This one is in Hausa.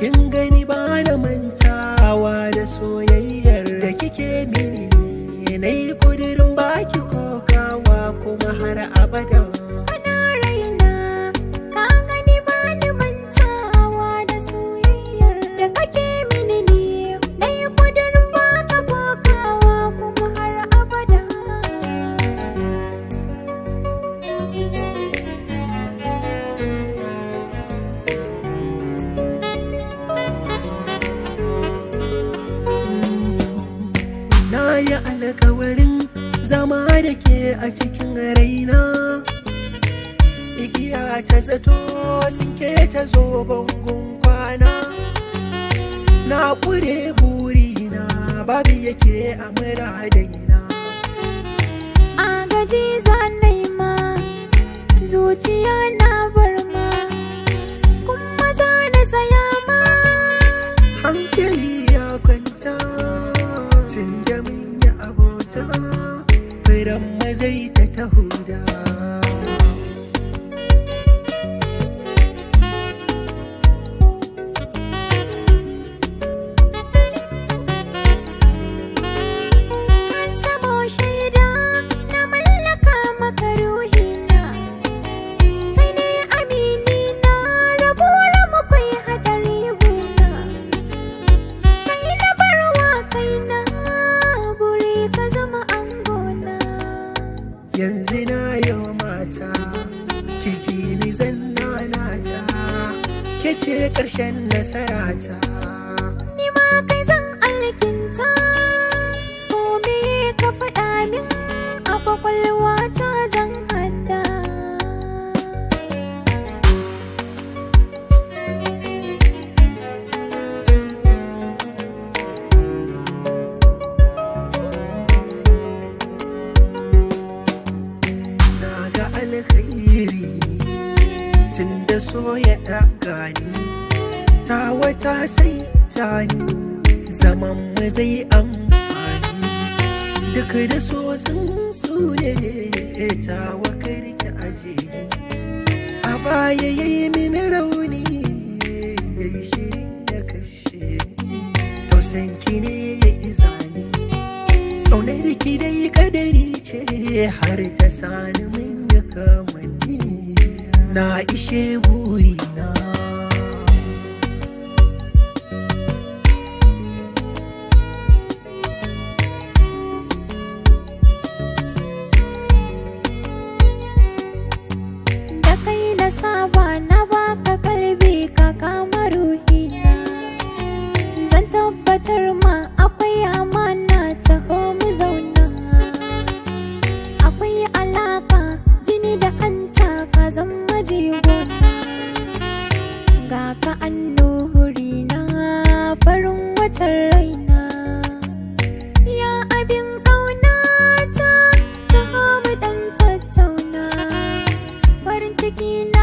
kin gani ba na mantawa da soyayyar da kike mini ne na yi kudirin baki kokawa kuma har abadan da ke a cikin raina igiya ta zato tsinke ta zo bangon kwana na kure burina babu yake a daina a gaji zanai ma zuciya na barma kuma za na tsaya ma hankali ya kwai Isaiah Tetahoo. ki ji ni zan ta ke ce ƙarshen ta alkhairi tun da so ya ɗaga ni ta wata sai ta ni zaman mu zai amfani duk da so sun su ne ta wakar ki aje ni a baya yayi mini rauni yayi shirin ya kashe ni tausanki ne ya izani Ƙaunar ki dai kadari ce har ta sani min ya na ishe burina. Da kai da saba na baka kalbi ka kama ruhina, zan tabbatar ma akwai amana. maji majigo ga ka annuhuri na farin watan raina ya abin ƙaunata ta hama ɗan tattauna farin ciki na